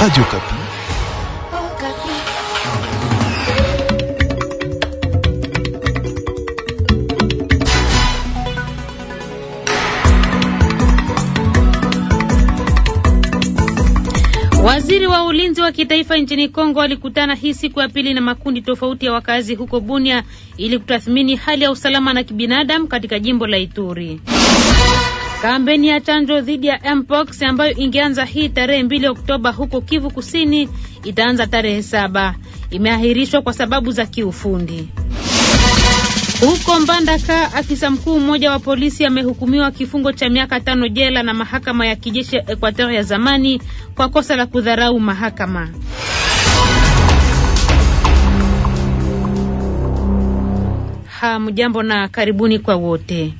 Radio Okapi. Waziri wa ulinzi wa kitaifa nchini Kongo alikutana hii siku ya pili na makundi tofauti ya wakazi huko Bunia ili kutathmini hali ya usalama na kibinadamu katika jimbo la Ituri. Kampeni ya chanjo dhidi ya mpox ambayo ingeanza hii tarehe mbili Oktoba huko Kivu Kusini itaanza tarehe saba imeahirishwa kwa sababu za kiufundi. Huko Mbandaka, afisa mkuu mmoja wa polisi amehukumiwa kifungo cha miaka tano jela na mahakama ya kijeshi ya Ekuateur ya zamani kwa kosa la kudharau mahakama. Hamjambo na karibuni kwa wote.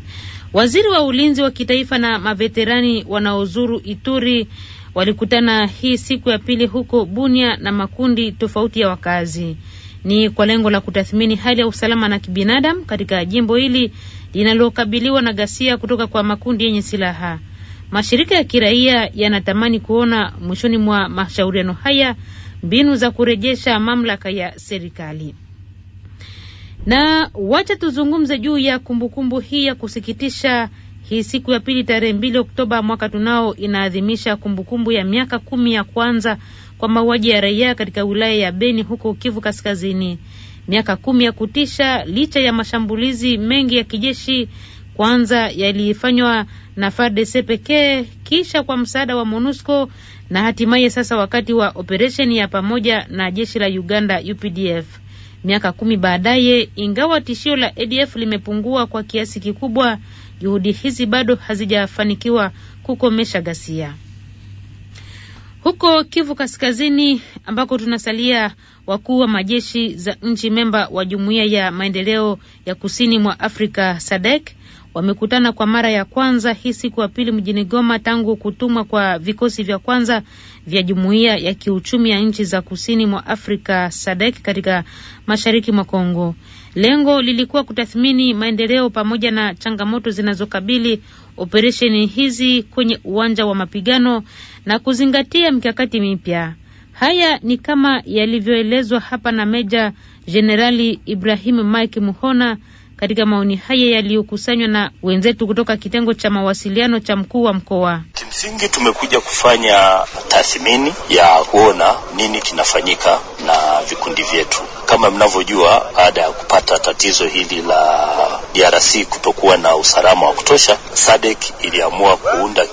Waziri wa ulinzi wa kitaifa na maveterani wanaozuru Ituri walikutana hii siku ya pili huko Bunia na makundi tofauti ya wakazi. Ni kwa lengo la kutathmini hali ya usalama na kibinadamu katika jimbo hili linalokabiliwa na ghasia kutoka kwa makundi yenye silaha. Mashirika ya kiraia yanatamani kuona mwishoni mwa mashauriano haya mbinu za kurejesha mamlaka ya serikali. Na wacha tuzungumze juu ya kumbukumbu hii ya kusikitisha. Hii siku ya pili tarehe mbili Oktoba mwaka tunao inaadhimisha kumbukumbu ya miaka kumi ya kwanza kwa mauaji ya raia katika wilaya ya Beni huko Kivu Kaskazini. Miaka kumi ya kutisha, licha ya mashambulizi mengi ya kijeshi, kwanza yalifanywa na FARDC pekee, kisha kwa msaada wa MONUSCO na hatimaye sasa wakati wa operesheni ya pamoja na jeshi la Uganda UPDF miaka kumi baadaye. Ingawa tishio la ADF limepungua kwa kiasi kikubwa, juhudi hizi bado hazijafanikiwa kukomesha ghasia huko Kivu Kaskazini ambako tunasalia, wakuu wa majeshi za nchi memba wa Jumuiya ya Maendeleo ya Kusini mwa Afrika SADC wamekutana kwa mara ya kwanza hii siku ya pili mjini Goma tangu kutumwa kwa vikosi vya kwanza vya jumuiya ya kiuchumi ya nchi za kusini mwa Afrika SADC katika mashariki mwa Kongo. Lengo lilikuwa kutathmini maendeleo pamoja na changamoto zinazokabili operesheni hizi kwenye uwanja wa mapigano na kuzingatia mikakati mipya. Haya ni kama yalivyoelezwa hapa na Meja Jenerali Ibrahim Mike Muhona katika maoni haya yaliyokusanywa na wenzetu kutoka kitengo cha mawasiliano cha mkuu wa mkoa. Kimsingi tumekuja kufanya tathmini ya kuona nini kinafanyika na vikundi vyetu. Kama mnavyojua, baada ya kupata tatizo hili la DRC kutokuwa na usalama wa kutosha, SADC iliamua kuunda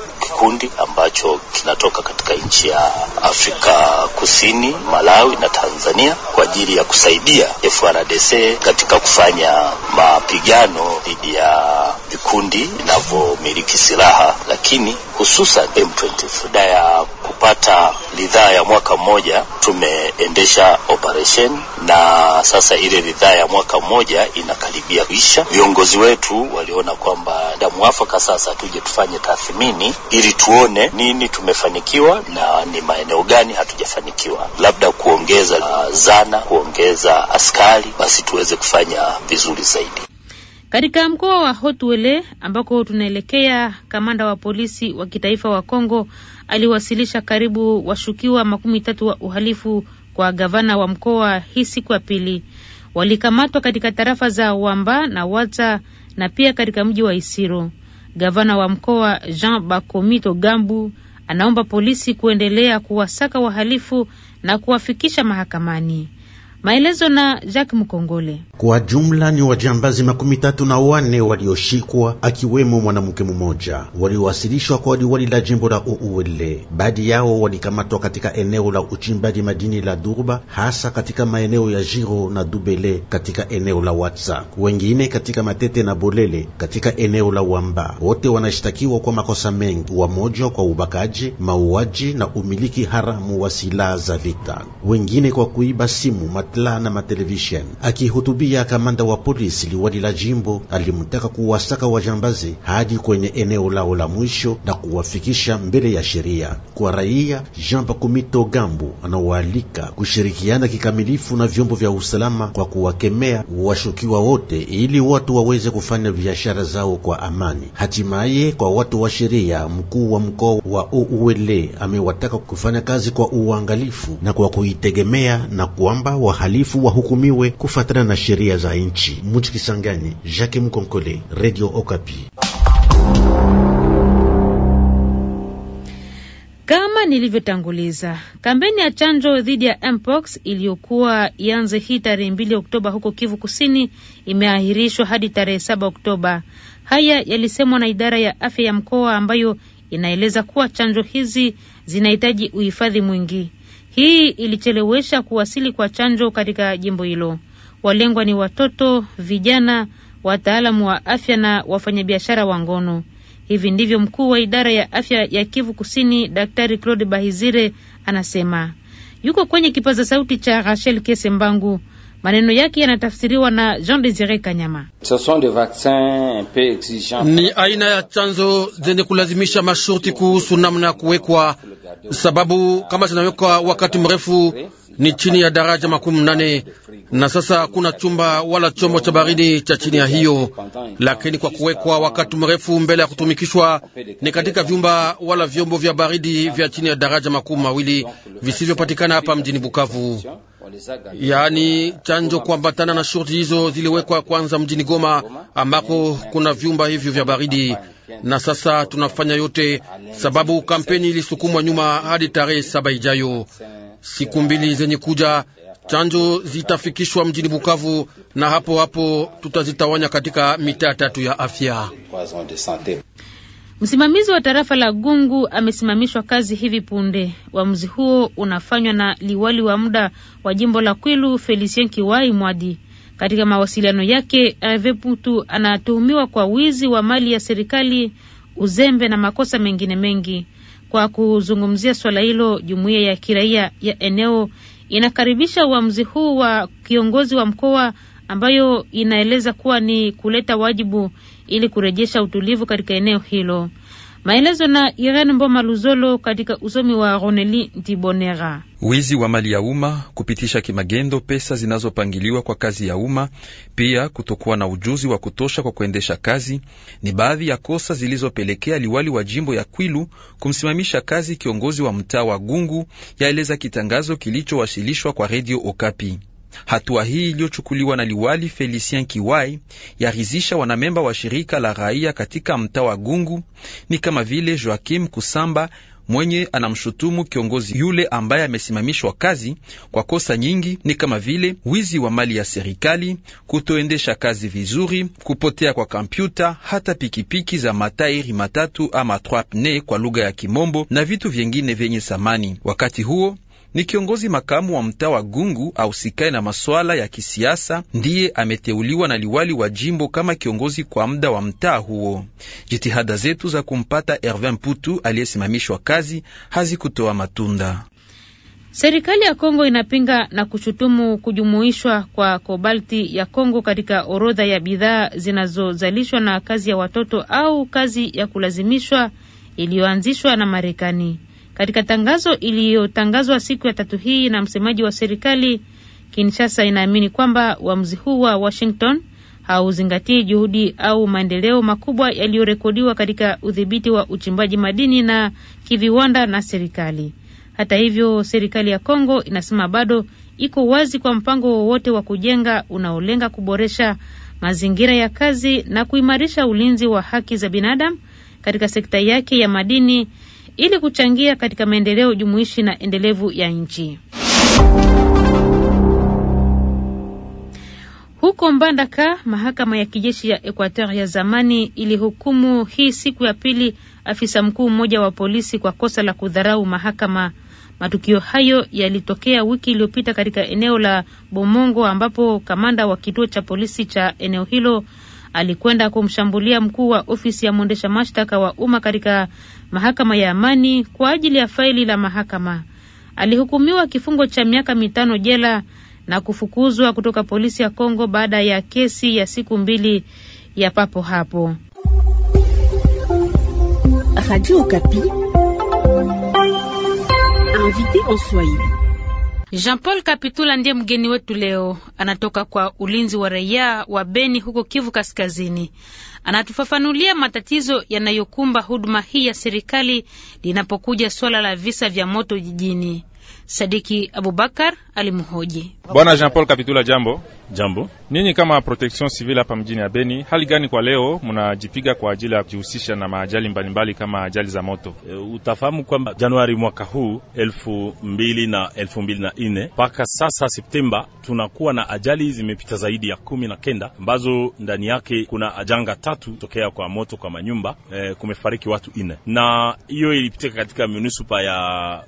kikundi ambacho kinatoka katika nchi ya Afrika Kusini, Malawi na Tanzania kwa ajili ya kusaidia frdc katika kufanya mapigano dhidi ya vikundi vinavyomiliki silaha, lakini hususan M23 ya kupata ridhaa ya mwaka mmoja, tumeendesha operation na sasa ile ridhaa ya mwaka mmoja inakaribia kuisha. Viongozi wetu waliona kwamba da mwafaka sasa tuje tufanye tathmini ili tuone nini tumefanikiwa na ni maeneo gani hatujafanikiwa, labda kuongeza uh, zana, kuongeza askari, basi tuweze kufanya vizuri zaidi. Katika mkoa wa Hotwele ambako tunaelekea, kamanda wa polisi wa kitaifa wa Kongo aliwasilisha karibu washukiwa makumi tatu wa uhalifu kwa gavana wa mkoa hii siku ya pili. Walikamatwa katika tarafa za Wamba na Wata na pia katika mji wa Isiro. Gavana wa mkoa Jean Bakomito Gambu anaomba polisi kuendelea kuwasaka wahalifu na kuwafikisha mahakamani. Maelezo na Jack Mkongole. Kwa jumla ni wajambazi makumi tatu na wane walioshikwa akiwemo mwanamke mmoja, waliowasilishwa kwa liwali la jimbo la Uuele. Baadhi yao walikamatwa katika eneo la uchimbaji madini la Durba, hasa katika maeneo ya Jiro na Dubele katika eneo la Watsa, wengine katika Matete na Bolele katika eneo la Wamba. Wote wanashitakiwa kwa makosa mengi, wamoja kwa ubakaji, mauaji na umiliki haramu wa silaha za vita, wengine kwa kuiba simu Matla na matelevishen. Akihutubia kamanda wa polisi, liwali la jimbo alimtaka kuwasaka wajambazi hadi kwenye eneo lao la mwisho na kuwafikisha mbele ya sheria. Kwa raia, Jean kumito Gambu anawaalika kushirikiana kikamilifu na vyombo vya usalama kwa kuwakemea washukiwa wote, ili watu waweze kufanya biashara zao kwa amani. Hatimaye, kwa watu wa sheria, mkuu wa mkoa wa Ouele amewataka kufanya kazi kwa uangalifu na kwa kuitegemea na kwamba wahalifu wahukumiwe kufuatana na sheria za nchi. Muji Kisangani, Jacques Mkonkole, Radio Okapi. Kama nilivyotanguliza, kampeni ya chanjo dhidi ya mpox iliyokuwa ianze hii tarehe mbili Oktoba huko Kivu Kusini imeahirishwa hadi tarehe saba Oktoba. Haya yalisemwa na idara ya afya ya mkoa ambayo inaeleza kuwa chanjo hizi zinahitaji uhifadhi mwingi. Hii ilichelewesha kuwasili kwa chanjo katika jimbo hilo. Walengwa ni watoto, vijana, wataalamu wa afya na wafanyabiashara wa ngono. Hivi ndivyo mkuu wa idara ya afya ya Kivu Kusini, Daktari Claude Bahizire anasema. Yuko kwenye kipaza sauti cha Rachel Kesembangu. Maneno yake yanatafsiriwa na Jean Desire Kanyama. Ni aina ya chanzo zenye kulazimisha masharti kuhusu namna ya kuwekwa, sababu kama zinawekwa wakati mrefu ni chini ya daraja makumi nane na sasa kuna chumba wala chombo cha baridi cha chini ya hiyo, lakini kwa kuwekwa wakati mrefu mbele ya kutumikishwa ni katika vyumba wala vyombo vya baridi vya chini ya daraja makumi mawili visivyopatikana hapa mjini Bukavu yaani chanjo kuambatana na shurti hizo ziliwekwa kwanza mjini Goma ambako kuna vyumba hivyo vya baridi, na sasa tunafanya yote sababu kampeni ilisukumwa nyuma hadi tarehe saba ijayo. Siku mbili zenye kuja chanjo zitafikishwa mjini Bukavu na hapo hapo tutazitawanya katika mitaa tatu ya afya. Msimamizi wa tarafa la Gungu amesimamishwa kazi hivi punde. Uamuzi huo unafanywa na liwali wa muda wa jimbo la Kwilu, Felicien Kiwai Mwadi. Katika mawasiliano yake, Herve Putu anatuhumiwa kwa wizi wa mali ya serikali, uzembe na makosa mengine mengi. Kwa kuzungumzia swala hilo, jumuiya ya kiraia ya eneo inakaribisha uamuzi huu wa kiongozi wa mkoa ambayo inaeleza kuwa ni kuleta wajibu ili kurejesha utulivu katika eneo hilo. Maelezo na Irene Mboma Luzolo katika usomi wa Roneli Ntibonera. Wizi wa mali ya umma, kupitisha kimagendo pesa zinazopangiliwa kwa kazi ya umma, pia kutokuwa na ujuzi wa kutosha kwa kuendesha kazi ni baadhi ya kosa zilizopelekea liwali wa jimbo ya Kwilu kumsimamisha kazi kiongozi wa mtaa wa Gungu, yaeleza kitangazo kilichowasilishwa kwa redio Okapi. Hatua hii iliyochukuliwa na liwali Felicien Kiwai rizisha wanamemba wa shirika la raia katika mtaa wa Gungu, ni kama vile Joakim Kusamba mwenye anamshutumu kiongozi yule ambaye amesimamishwa kazi kwa kosa nyingi, ni kama vile wizi wa mali ya serikali, kutoendesha kazi vizuri, kupotea kwa kompyuta, hata pikipiki za matairi matatu ama trois pneus kwa lugha ya Kimombo na vitu vyengine vyenye thamani. Wakati huo ni kiongozi makamu wa mtaa wa Gungu ausikae na masuala ya kisiasa, ndiye ameteuliwa na liwali wa jimbo kama kiongozi kwa muda wa mtaa huo. Jitihada zetu za kumpata Ervin Putu aliyesimamishwa kazi hazikutoa matunda. Serikali ya Kongo inapinga na kushutumu kujumuishwa kwa kobalti ya Kongo katika orodha ya bidhaa zinazozalishwa na kazi ya watoto au kazi ya kulazimishwa iliyoanzishwa na Marekani. Katika tangazo iliyotangazwa siku ya tatu hii na msemaji wa serikali, Kinshasa inaamini kwamba uamuzi huu wa Washington hauzingatii juhudi au maendeleo makubwa yaliyorekodiwa katika udhibiti wa uchimbaji madini na kiviwanda na serikali. Hata hivyo, serikali ya Kongo inasema bado iko wazi kwa mpango wowote wa kujenga unaolenga kuboresha mazingira ya kazi na kuimarisha ulinzi wa haki za binadamu katika sekta yake ya madini ili kuchangia katika maendeleo jumuishi na endelevu ya nchi. Huko Mbandaka, mahakama ya kijeshi ya Ekuateur ya zamani ilihukumu hii siku ya pili afisa mkuu mmoja wa polisi kwa kosa la kudharau mahakama. Matukio hayo yalitokea wiki iliyopita katika eneo la Bomongo ambapo kamanda wa kituo cha polisi cha eneo hilo alikwenda kumshambulia mkuu wa ofisi ya mwendesha mashtaka wa umma katika mahakama ya amani kwa ajili ya faili la mahakama. Alihukumiwa kifungo cha miaka mitano jela na kufukuzwa kutoka polisi ya Kongo baada ya kesi ya siku mbili ya papo hapo. Radio Okapi. Jean-Paul Kapitula ndiye mgeni wetu leo, anatoka kwa ulinzi wa raia wa Beni huko Kivu Kaskazini. Anatufafanulia matatizo yanayokumba huduma hii ya serikali linapokuja swala la visa vya moto jijini. Sadiki Abubakar alimhoji. Bwana Jean Paul Kapitula, jambo. Jambo. Ninyi kama protection civile hapa mjini ya Beni, hali gani kwa leo mnajipiga kwa ajili ya kujihusisha na maajali mbalimbali kama ajali za moto? E, utafahamu kwamba Januari mwaka huu elfu mbili na elfu mbili na nne mpaka sasa Septemba tunakuwa na ajali zimepita zaidi ya kumi na kenda ambazo ndani yake kuna ajanga tatu tokea kwa moto kwa manyumba. E, kumefariki watu nne na hiyo ilipitika katika munisipa ya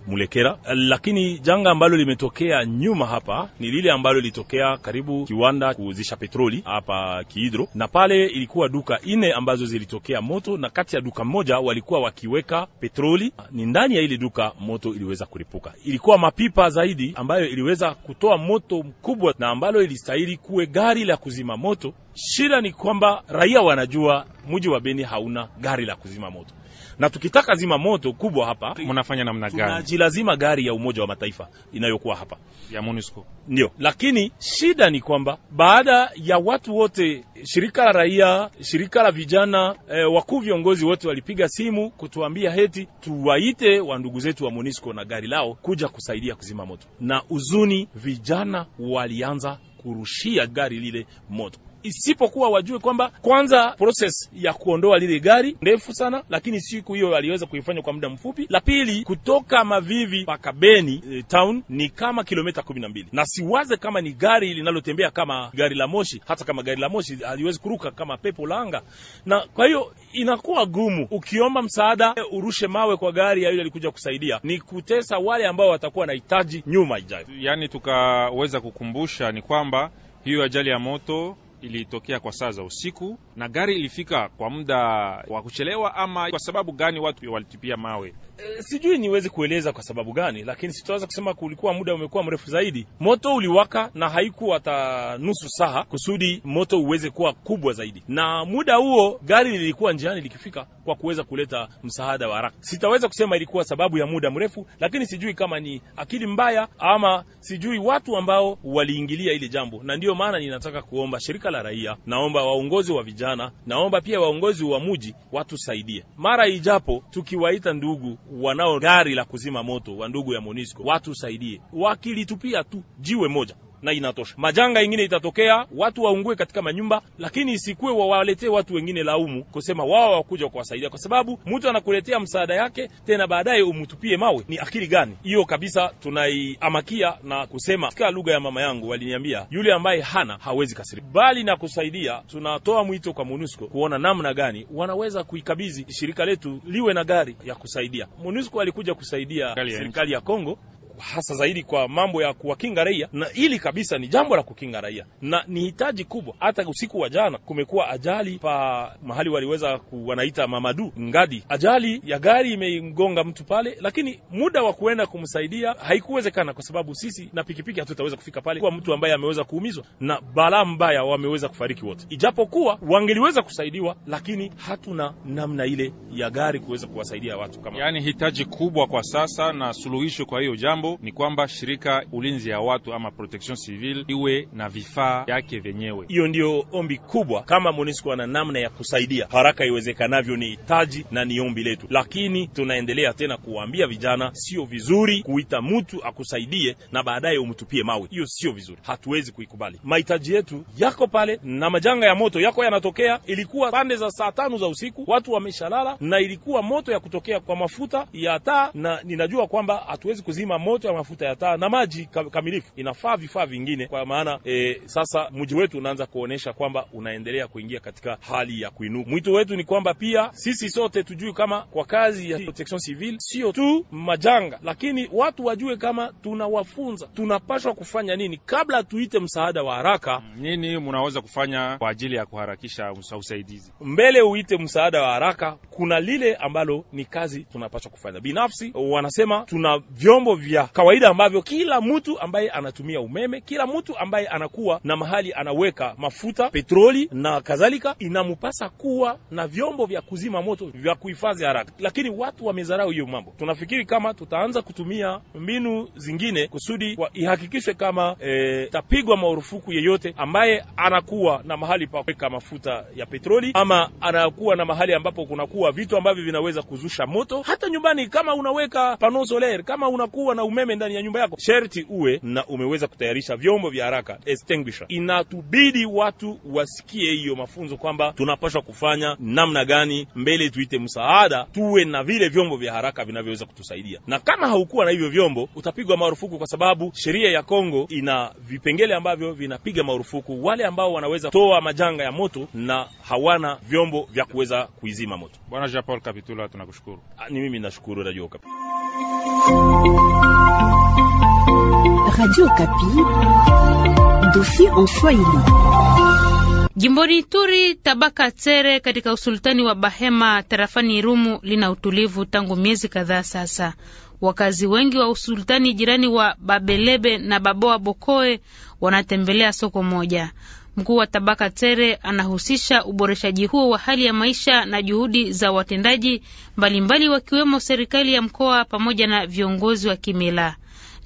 Mulekera lakini janga ambalo limetokea nyuma hapa ni lile ambalo lilitokea karibu kiwanda kuuzisha petroli hapa Kihidro, na pale ilikuwa duka nne ambazo zilitokea moto, na kati ya duka moja walikuwa wakiweka petroli. Ni ndani ya ile duka moto iliweza kuripuka. Ilikuwa mapipa zaidi ambayo iliweza kutoa moto mkubwa, na ambalo ilistahili kuwe gari la kuzima moto Shida ni kwamba raia wanajua mji wa Beni hauna gari la kuzima moto, na tukitaka zima moto kubwa hapa mnafanya namna gani? Tunajilazima gari ya Umoja wa Mataifa inayokuwa hapa ya MONUSCO, ndio. Lakini shida ni kwamba baada ya watu wote, shirika la raia, shirika la vijana, e, wakuu viongozi wote walipiga simu kutuambia heti tuwaite wandugu zetu wa MONUSCO na gari lao kuja kusaidia kuzima moto, na uzuni vijana walianza kurushia gari lile moto isipokuwa wajue kwamba kwanza process ya kuondoa lile gari ndefu sana, lakini siku hiyo aliweza kuifanya kwa muda mfupi. La pili, kutoka Mavivi mpaka Beni e, town ni kama kilomita kumi na mbili, na siwaze kama ni gari linalotembea kama gari la moshi. Hata kama gari la moshi aliwezi kuruka kama pepo la anga, na kwa hiyo inakuwa gumu ukiomba msaada urushe mawe kwa gari ya yule alikuja kusaidia, ni kutesa wale ambao watakuwa nahitaji nyuma ijayo. Yani tukaweza kukumbusha ni kwamba hiyo ajali ya moto ilitokea kwa saa za usiku, na gari ilifika kwa muda wa kuchelewa, ama kwa sababu gani watu walitupia mawe? E, sijui niweze kueleza kwa sababu gani, lakini sitaweza kusema kulikuwa muda umekuwa mrefu zaidi. Moto uliwaka na haikuwa hata nusu saa kusudi moto uweze kuwa kubwa zaidi, na muda huo gari lilikuwa njiani likifika kwa kuweza kuleta msaada wa haraka. Sitaweza kusema ilikuwa sababu ya muda mrefu, lakini sijui kama ni akili mbaya ama sijui watu ambao waliingilia ile jambo, na ndiyo maana ninataka kuomba shirika la raia, naomba waongozi wa vijana, naomba pia waongozi wa muji watusaidie mara ijapo, tukiwaita ndugu wanao gari la kuzima moto wa ndugu ya Monisco watusaidie, wakilitupia tu jiwe moja na inatosha. Majanga ingine itatokea, watu waungue katika manyumba, lakini isikuwe wawaletee watu wengine laumu kusema wao wakuja kuwasaidia, kwa sababu mtu anakuletea msaada yake tena baadaye umtupie mawe. Ni akili gani hiyo? Kabisa tunaiamakia na kusema katika lugha ya mama yangu, waliniambia yule ambaye hana hawezi kasiri bali na kusaidia. Tunatoa mwito kwa MONUSCO kuona namna gani wanaweza kuikabidhi shirika letu liwe na gari ya kusaidia. MONUSCO alikuja kusaidia serikali ya Kongo hasa zaidi kwa mambo ya kuwakinga raia, na hili kabisa ni jambo la kukinga raia na ni hitaji kubwa. Hata usiku wa jana kumekuwa ajali pa mahali waliweza wanaita Mamadu Ngadi, ajali ya gari imemgonga mtu pale, lakini muda wa kuenda kumsaidia haikuwezekana kwa sababu sisi na pikipiki hatutaweza kufika pale kwa mtu ambaye ameweza kuumizwa na balaa mbaya, wameweza kufariki wote, ijapokuwa wangeliweza kusaidiwa, lakini hatuna namna ile ya gari kuweza kuwasaidia watu kama. Yani hitaji kubwa kwa sasa na suluhisho kwa hiyo jambo jambo ni kwamba shirika ulinzi ya watu ama protection civil iwe na vifaa yake vyenyewe. Hiyo ndiyo ombi kubwa, kama MONUSCO ana namna ya kusaidia haraka iwezekanavyo, ni hitaji na ni ombi letu, lakini tunaendelea tena kuwaambia vijana, sio vizuri kuita mtu akusaidie na baadaye umtupie mawe. Hiyo sio vizuri, hatuwezi kuikubali. Mahitaji yetu yako pale, na majanga ya moto yako yanatokea. Ilikuwa pande za saa tano za usiku, watu wameshalala, na ilikuwa moto ya kutokea kwa mafuta ya taa, na ninajua kwamba hatuwezi kuzima moto moto ya mafuta ya taa na maji kamilifu, inafaa vifaa vingine. Kwa maana e, sasa mji wetu unaanza kuonesha kwamba unaendelea kuingia katika hali ya kuinuka. Mwito wetu ni kwamba pia sisi sote tujue kama kwa kazi ya protection civil sio tu majanga, lakini watu wajue kama tunawafunza, tunapashwa kufanya nini kabla tuite msaada wa haraka. Nini mnaweza kufanya kwa ajili ya kuharakisha usaidizi mbele uite msaada wa haraka? Kuna lile ambalo ni kazi tunapashwa kufanya binafsi. Wanasema tuna vyombo vya kawaida ambavyo kila mtu ambaye anatumia umeme, kila mtu ambaye anakuwa na mahali anaweka mafuta, petroli na kadhalika, inamupasa kuwa na vyombo vya kuzima moto vya kuhifadhi haraka, lakini watu wamezarau hiyo mambo. Tunafikiri kama tutaanza kutumia mbinu zingine kusudi ihakikishwe kama e, tapigwa marufuku yeyote ambaye anakuwa na mahali pa kuweka mafuta ya petroli ama anakuwa na mahali ambapo kunakuwa vitu ambavyo vinaweza kuzusha moto. Hata nyumbani kama unaweka pano solaire, kama unakuwa na umeme, umeme ndani ya nyumba yako, sherti uwe na umeweza kutayarisha vyombo vya haraka extinguisher. Inatubidi watu wasikie hiyo mafunzo kwamba tunapaswa kufanya namna gani mbele, tuite msaada, tuwe na vile vyombo vya haraka vinavyoweza kutusaidia, na kama haukuwa na hivyo vyombo utapigwa marufuku, kwa sababu sheria ya Kongo ina vipengele ambavyo vinapiga marufuku wale ambao wanaweza toa majanga ya moto na hawana vyombo vya kuweza kuizima moto. Bwana Jean Paul Kapitula, tunakushukuru. Ah, ni mimi nashukuru Radio Okapi. Radio Kapi, dossier en Swahili. Jimboni Ituri, tabaka Tere katika usultani wa Bahema tarafani Irumu lina utulivu tangu miezi kadhaa sasa. Wakazi wengi wa usultani jirani wa Babelebe na Baboa Bokoe wanatembelea soko moja. Mkuu wa tabaka Tere anahusisha uboreshaji huo wa hali ya maisha na juhudi za watendaji mbalimbali, wakiwemo serikali ya mkoa pamoja na viongozi wa kimila.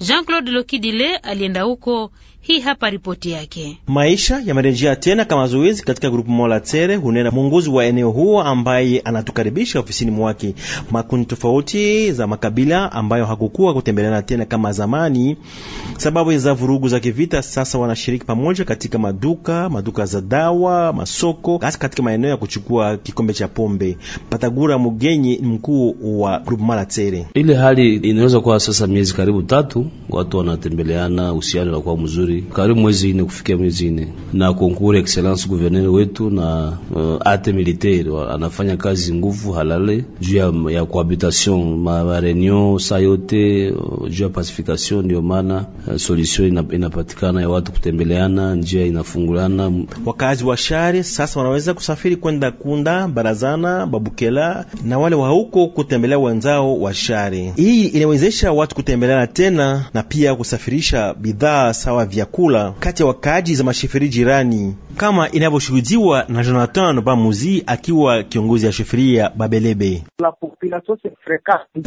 Jean-Claude Lokidile alienda huko. Hii hapa ripoti yake. Maisha yamerejea tena kama zoezi katika grupu Mola Tere, hunena muunguzi wa eneo huo ambaye anatukaribisha ofisini mwake. Makundi tofauti za makabila ambayo hakukuwa kutembeleana tena kama zamani sababu za vurugu za kivita, sasa wanashiriki pamoja katika maduka, maduka za dawa, masoko, hasa katika maeneo ya kuchukua kikombe cha pombe. Patagura Mugenyi, mkuu wa grupu Mola Tere: ile hali inaweza kuwa sasa miezi karibu tatu watu wanatembeleana, uhusiano unakuwa mzuri karibu mwezi ine kufikia mwezi ine na konkuru excellence gouverneur wetu na uh, ate militaire anafanya kazi nguvu halale juu ya, ya cohabitation ma reunion yote uh, juu ya pacification. Ndio maana uh, solution ina, inapatikana ya watu kutembeleana, njia inafungulana. Wakazi wa shari sasa wanaweza kusafiri kwenda Kunda, Barazana, Babukela na wale wa huko kutembelea wenzao wa shari. Hii inawezesha watu kutembeleana tena na pia kusafirisha bidhaa sawa vyakula kati ya wakaaji za mashifiri jirani, kama inavyoshuhudiwa na Jonathan Bamuzi akiwa kiongozi ya sheferia Babelebe.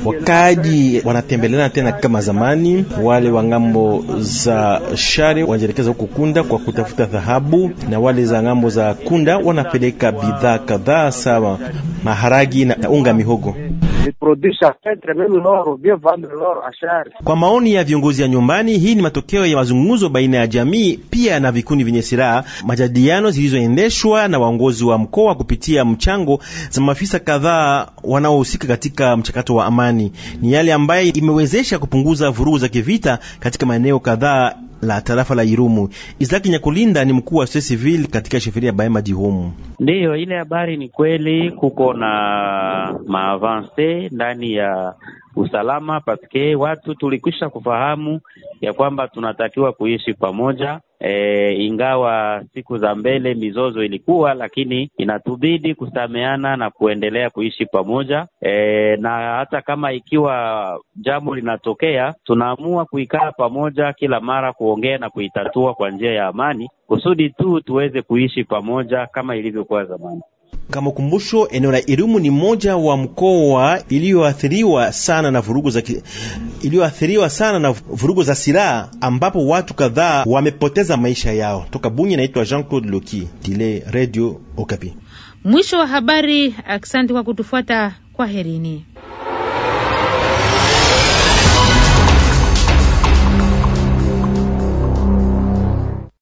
Wakaaji wanatembeleana tena kama zamani, wale wa ngambo za shari wanajelekeza huko Kunda kwa kutafuta dhahabu, na wale za ngambo za Kunda wanapeleka bidhaa kadhaa sawa maharagi na unga mihogo. Kwa maoni ya ya viongozi ya nyumbani. Hii ni matokeo ya mazungumzo baina ya jamii pia na vikundi vyenye silaha, majadiliano zilizoendeshwa na waongozi wa mkoa kupitia mchango za maafisa kadhaa wanaohusika katika mchakato wa amani. Ni yale ambaye imewezesha kupunguza vurugu za kivita katika maeneo kadhaa la tarafa la Irumu. Isaki Nyakulinda ni mkuu wa civil katika sheferia ya Bahema Dihumu. Ndiyo, ile habari ni kweli, kuko na maavanse ndani ya usalama, paske watu tulikwisha kufahamu ya kwamba tunatakiwa kuishi pamoja. E, ingawa siku za mbele mizozo ilikuwa, lakini inatubidi kusameana na kuendelea kuishi pamoja. E, na hata kama ikiwa jambo linatokea, tunaamua kuikaa pamoja kila mara kuongea na kuitatua kwa njia ya amani, kusudi tu tuweze kuishi pamoja kama ilivyokuwa zamani. Kama kumbusho, eneo la Irumu ni moja wa mkoa iliyoathiriwa sana na vurugu za ki... iliyoathiriwa sana na vurugu za silaha ambapo watu kadhaa wamepoteza maisha yao. Toka Bunya, naitwa Jean-Claude Loki, Dile, Radio Okapi. Mwisho wa habari. Asante kwa kutufuata, kwa herini.